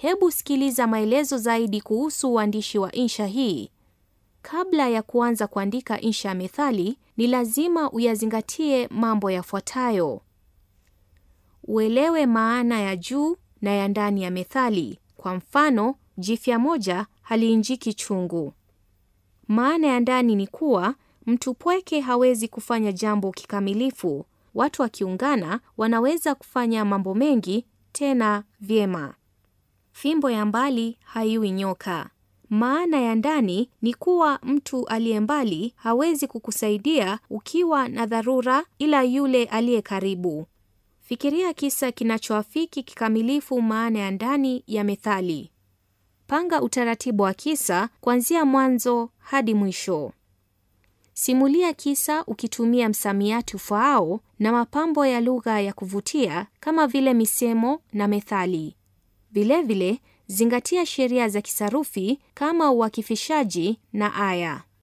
Hebu sikiliza maelezo zaidi kuhusu uandishi wa insha hii. Kabla ya kuanza kuandika insha ya methali, ni lazima uyazingatie mambo yafuatayo: uelewe maana ya juu na ya ndani ya methali. Kwa mfano, jifya moja haliinjiki chungu. Maana ya ndani ni kuwa mtu pweke hawezi kufanya jambo kikamilifu. Watu wakiungana wanaweza kufanya mambo mengi tena vyema. Fimbo ya mbali haiwi nyoka. Maana ya ndani ni kuwa mtu aliye mbali hawezi kukusaidia ukiwa na dharura, ila yule aliye karibu. Fikiria kisa kinachoafiki kikamilifu maana ya ndani ya methali. Panga utaratibu wa kisa kuanzia mwanzo hadi mwisho. Simulia kisa ukitumia msamiati ufaao na mapambo ya lugha ya kuvutia kama vile misemo na methali. Vilevile, zingatia sheria za kisarufi kama uakifishaji na aya.